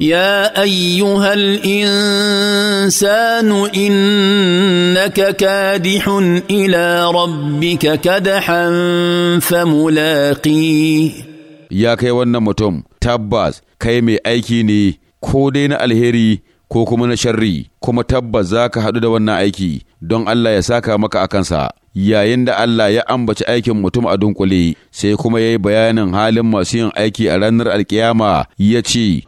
يا ايها الانسان انك كادح الى ربك كدحا فملاقيه يا kai wannan mutum tabbas kai mai aiki ne ko dai na alheri ko kuma na sharri kuma tabbas za ka haɗu da wannan aiki don Allah ya saka maka a kansa yayin da Allah ya ambaci aikin mutum a dunkule sai kuma ya yi bayanin halin masu yin aiki a ranar alkiyama ya ce